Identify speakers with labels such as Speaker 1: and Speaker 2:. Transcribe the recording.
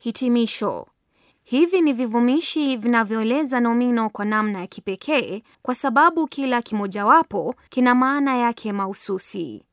Speaker 1: Hitimisho. Hivi ni vivumishi vinavyoeleza nomino kwa namna ya kipekee kwa sababu kila kimojawapo kina maana yake mahususi.